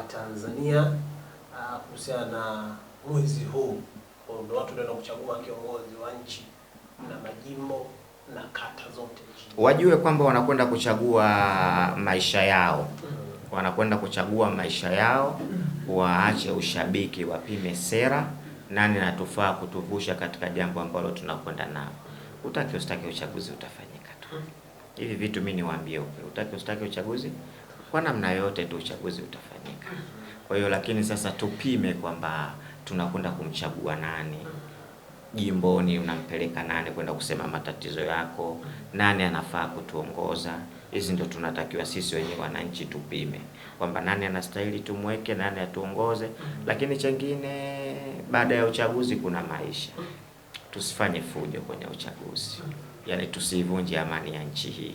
Watanzania ah, kuhusiana na mwezi huu, ndio watu ndio kuchagua kiongozi wa nchi na majimbo na kata zote nchini. Wajue kwamba wanakwenda kuchagua maisha yao mm. wanakwenda kuchagua maisha yao mm. waache ushabiki, wapime sera, nani natufaa kutuvusha katika jambo ambalo tunakwenda nao. Utaki ustaki uchaguzi utafanyika tu mm. hivi vitu mimi niwaambie ukweli, utaki ustaki uchaguzi kwa namna yote tu uchaguzi utafanyika. Kwa hiyo lakini sasa tupime kwamba tunakwenda kumchagua nani jimboni, unampeleka nani kwenda kusema matatizo yako, nani anafaa kutuongoza. Hizi ndio tunatakiwa sisi wenyewe wananchi tupime kwamba nani anastahili tumweke, nani atuongoze. Lakini chengine, baada ya uchaguzi kuna maisha tusifanye fujo kwenye uchaguzi, yaani tusivunje amani ya nchi hii.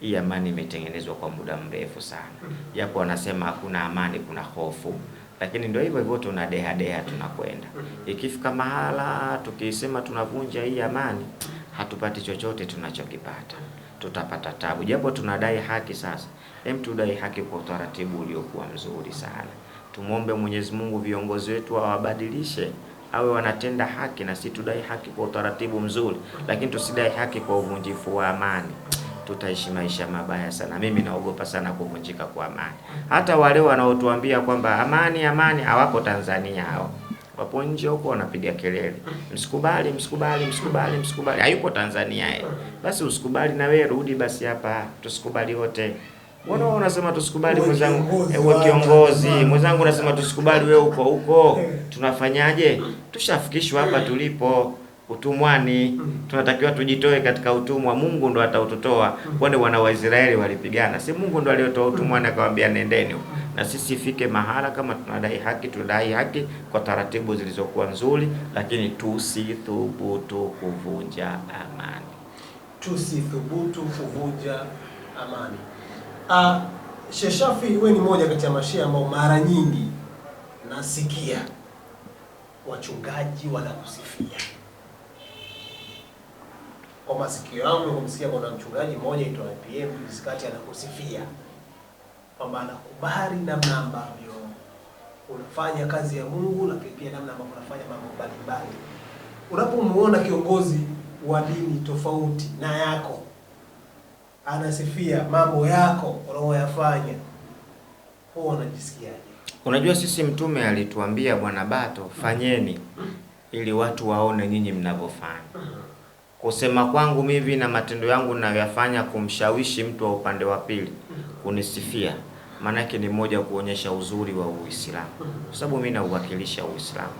Hii amani imetengenezwa kwa muda mrefu sana. Japo wanasema hakuna amani, kuna hofu, lakini ndio hivyo hivyo, tuna deha deha, tunakwenda. Ikifika mahala tukisema tunavunja hii amani, hatupati chochote tunachokipata, tutapata tabu. Japo tunadai haki sasa, hem, tudai haki kwa utaratibu uliokuwa mzuri sana. Tumwombe Mwenyezi Mungu viongozi wetu wawabadilishe awe wanatenda haki na si tudai haki kwa utaratibu mzuri, lakini tusidai haki kwa uvunjifu wa amani. Tutaishi maisha mabaya sana. Mimi naogopa sana kuvunjika kwa amani. Hata wale wanaotuambia kwamba amani amani hawako Tanzania, hao wapo nje huko wanapiga kelele, msikubali, msikubali, msikubali, msikubali. Hayuko Tanzania yeye. Basi usikubali na wewe rudi basi hapa, tusikubali wote. Mbona unasema tusikubali mwenzangu, ewe kiongozi eh, mwenzangu, unasema tusikubali, wewe uko huko. Eh. Tunafanyaje? Tushafikishwa hapa tulipo utumwani, tunatakiwa tujitoe katika utumwa. Mungu ndo atautotoa, kwani wana wa Israeli walipigana, si Mungu ndo aliotoa utumwani akawaambia nendeni? Na sisi ifike mahala kama tunadai haki, tudai haki kwa taratibu zilizokuwa nzuri, lakini tusithubutu kuvunja amani, tusithubutu kuvunja amani. Uh, Sheikh Shafii wewe ni moja kati ya mashia ambao mara nyingi nasikia wachungaji wanakusifia. Kwa masikio yangu kumsikia kuna mchungaji mmoja aitwa PM Msikati anakusifia kwamba anakubali namna ambavyo unafanya kazi ya Mungu, lakini pia namna ambavyo unafanya mambo mbalimbali. Unapomuona kiongozi wa dini tofauti na yako anasifia mambo yako unayoyafanya, huwa unajisikiaje? Unajua, sisi Mtume alituambia Bwana Bato, fanyeni ili watu waone nyinyi mnavyofanya. Kusema kwangu mimi na matendo yangu ninayoyafanya kumshawishi mtu wa upande wa pili kunisifia, maanake ni moja kuonyesha uzuri wa Uislamu, kwa sababu mimi nauwakilisha Uislamu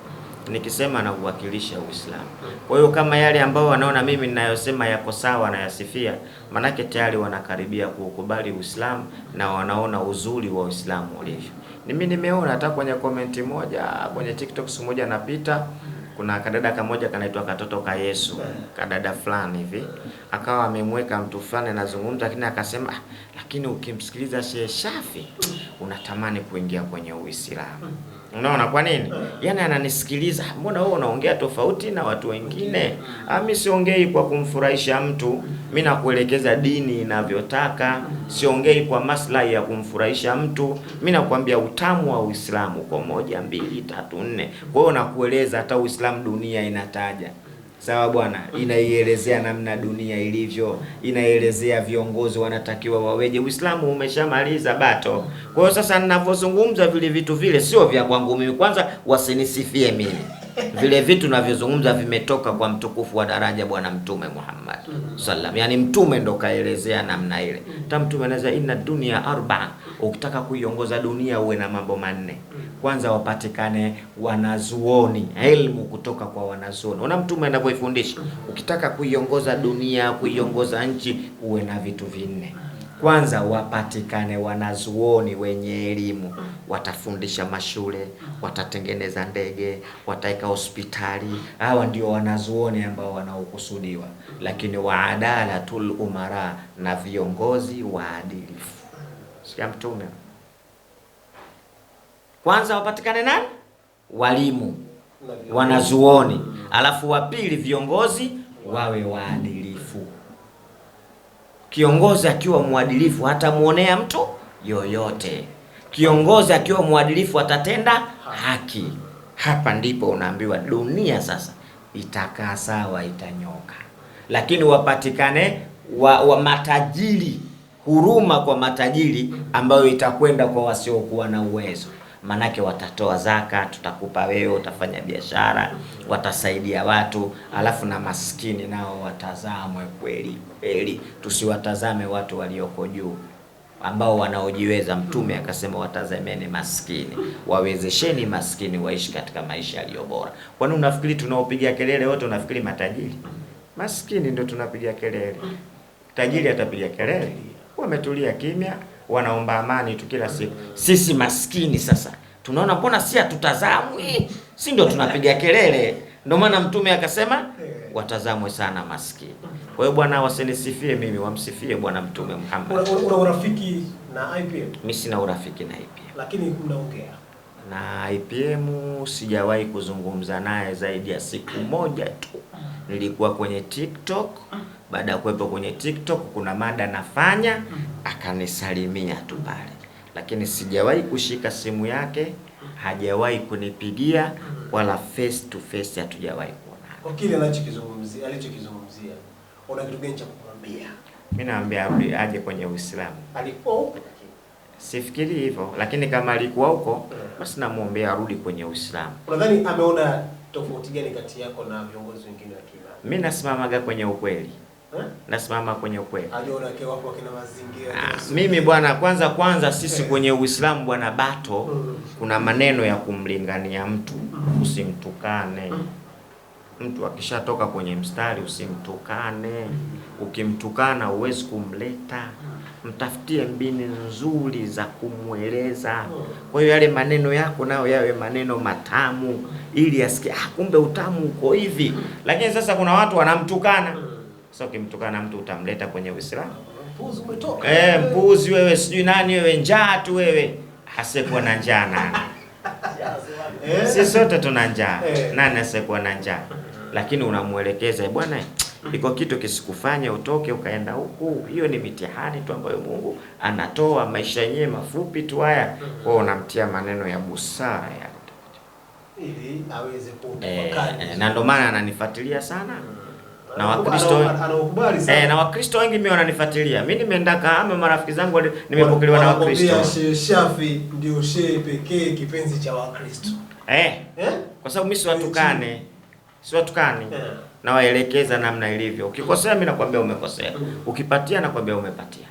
nikisema na uwakilisha Uislamu. Kwa hiyo kama yale ambao wanaona mimi ninayosema yako sawa na yasifia, manake tayari wanakaribia kuukubali Uislamu na wanaona uzuri wa Uislamu ulivyo. Mimi nimeona hata kwenye komenti moja kwenye TikTok siku moja napita, kuna kadada kamoja kanaitwa katoto ka Yesu, kadada fulani hivi akawa amemweka mtu fulani anazungumza, lakini akasema ah, lakini ukimsikiliza Sheikh Shafi unatamani kuingia kwenye Uislamu. Unaona kwa nini? Yaani ananisikiliza, mbona wewe unaongea tofauti na watu wengine? Mimi ah, siongei kwa kumfurahisha mtu, mimi nakuelekeza dini inavyotaka. Siongei kwa maslahi ya kumfurahisha mtu, mimi nakwambia utamu wa Uislamu kwa moja, mbili, tatu, nne. Kwa hiyo nakueleza hata Uislamu dunia inataja. Sawa bwana, inaielezea namna dunia ilivyo, inaielezea viongozi wanatakiwa waweje. Uislamu umeshamaliza bato. Kwa hiyo sasa ninavyozungumza vile vitu vile sio vya kwangu mimi, kwanza wasinisifie mimi vile vitu navyozungumza vimetoka kwa mtukufu wa daraja Bwana Mtume Muhammad sallam. Yani mtume ndo kaelezea namna ile, ta mtume anaweza inna dunia arba, ukitaka kuiongoza dunia uwe na mambo manne. Kwanza wapatikane wanazuoni, elimu kutoka kwa wanazuoni. Una mtume anavyoifundisha, ukitaka kuiongoza dunia, kuiongoza nchi uwe na vitu vinne. Kwanza wapatikane wanazuoni wenye elimu, watafundisha mashule, watatengeneza ndege, wataweka hospitali. Hawa ndio wanazuoni ambao wanaokusudiwa, lakini waadalatul umara, na viongozi waadilifu. Sikia Mtume, kwanza wapatikane nani? Walimu, wanazuoni, alafu wapili viongozi wawe waadilifu. Kiongozi akiwa mwadilifu hatamwonea mtu yoyote. Kiongozi akiwa mwadilifu atatenda haki. Hapa ndipo unaambiwa dunia sasa itakaa sawa, itanyoka. Lakini wapatikane wa, wa matajiri, huruma kwa matajiri ambayo itakwenda kwa wasiokuwa na uwezo maanake watatoa zaka, tutakupa wewe, utafanya biashara, watasaidia watu, alafu na maskini nao watazamwe kweli kweli, tusiwatazame watu walioko juu ambao wanaojiweza. Mtume akasema watazameni maskini, wawezesheni maskini waishi katika maisha yaliyo bora. Kwani unafikiri tunaopiga kelele wote, unafikiri matajiri? Maskini ndio tunapiga kelele, tajiri atapiga kelele? Wametulia kimya wanaomba amani tu kila siku. Sisi maskini sasa tunaona mbona si hatutazamwi, si ndio tunapiga kelele? Ndio maana Mtume akasema watazamwe sana maskini. Kwa hiyo bwana, wasinisifie mimi, wamsifie Bwana Mtume Muhammad. Una urafiki na IPM? Mimi sina urafiki na IPM, lakini mnaongea na IPM. Sijawahi kuzungumza naye zaidi ya siku moja tu. Nilikuwa kwenye TikTok baada ya kuwepo kwenye TikTok, kuna mada nafanya, mm. akanisalimia tu pale, lakini sijawahi kushika simu yake, hajawahi kunipigia mm. wala face to face, hatujawahi kuona. Kwa kile anachokizungumzia alichokizungumzia, una kitu gani cha kukuambia? Mimi naambia arudi aje kwenye Uislamu. Alikuwa huko lakini sifikiri hivyo, lakini kama alikuwa huko mm. basi namwombea arudi kwenye Uislamu. Unadhani ameona tofauti gani kati yako na viongozi wengine wa Kiislamu? Mimi nasimamaga kwenye ukweli. Eh? nasimama kwenye ukweli. Ah, mimi bwana, kwanza kwanza sisi eh. kwenye Uislamu bwana bato mm. kuna maneno ya kumlingania mtu mm. usimtukane mm. mtu akishatoka kwenye mstari usimtukane mm. ukimtukana huwezi kumleta mm. mtafutie mbinu nzuri za kumweleza mm. kwa hiyo yale maneno yako nayo yawe maneno matamu, mm. ili asikie ah, kumbe utamu uko hivi mm. lakini sasa kuna watu wanamtukana mm. Sasa ukimtukana na mtu utamleta kwenye Uislamu? Mpuzi umetoka. Eh, mpuzi wewe, sijui nani wewe, njaa tu wewe. Asiyekuwa na njaa nani? Sisi eh? sote tuna njaa. Eh. Nani asiyekuwa na njaa? Lakini unamuelekeza eh, bwana, iko kitu kisikufanya utoke ukaenda huku. Hiyo ni mitihani tu ambayo Mungu anatoa, maisha yenyewe mafupi tu haya. kwa unamtia maneno ya busara ya ili aweze kuwa na ndio maana ananifuatilia sana na Wakristo eh, na Wakristo wengi mimi wananifuatilia mimi, nimeenda kama marafiki zangu nimepokelewa na Wakristo. Sheikh Shafi ndio shehe pekee kipenzi cha Wakristo eh, eh, kwa sababu mimi siwatukane, siwatukani eh, nawaelekeza namna ilivyo. Ukikosea mimi nakwambia umekosea, mm. ukipatia nakwambia umepatia.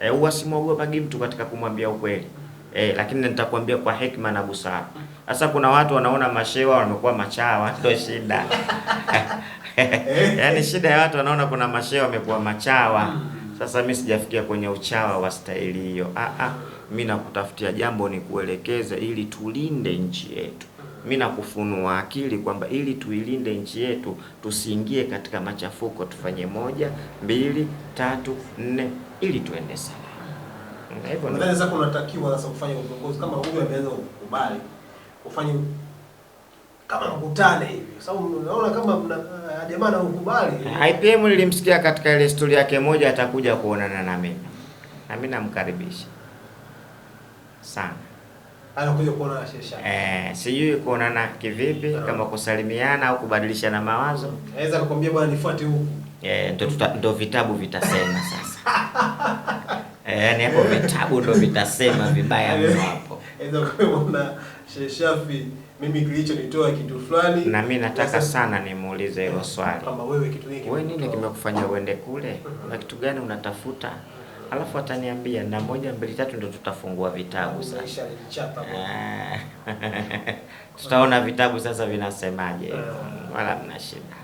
Eh, huwa simwogopagi mtu katika kumwambia ukweli eh, lakini nitakwambia kwa hekima na busara. Sasa kuna watu wanaona mashewa wamekuwa machawa, ndio shida Eh? Yaani shida ya watu wanaona kuna mashehe wamekuwa machawa. Sasa mimi sijafikia kwenye uchawa wa staili hiyo. Ah ah, mimi nakutafutia jambo ni kuelekeza ili tulinde nchi yetu. Mimi nakufunua akili kwamba ili tuilinde nchi yetu tusiingie katika machafuko, tufanye moja, mbili, tatu, nne ili tuende sana. Hivyo ndio sasa kunatakiwa sasa kufanya uongozi kama huyu ameanza kukubali ufanye kama mkutane hivi, sababu unaona kama eh, jamaa anakubali. IPM nilimsikia katika ile story yake moja, atakuja kuonana na mimi na mimi namkaribisha sana. Anakuja kuonana Shesha eh, sijui kuonana kivipi no. Ah. kama kusalimiana au kubadilishana mawazo, naweza kukwambia bwana, nifuate huko. eh, ndo ndo vitabu vitasema sasa eh, ni yaani hapo vitabu ndo vitasema vibaya mno hapo, naweza kuona Sheshafi mimi kilichonitoa kitu fulani. Na mimi nataka sana nimuulize hilo swali, kama wewe kitu hiki wewe nini kimekufanya uende kule na kitu gani unatafuta? Alafu ataniambia na moja mbili tatu, ndo tutafungua vitabu sasa. Ah. Tutaona vitabu sasa vinasemaje, eh. wala mna shida.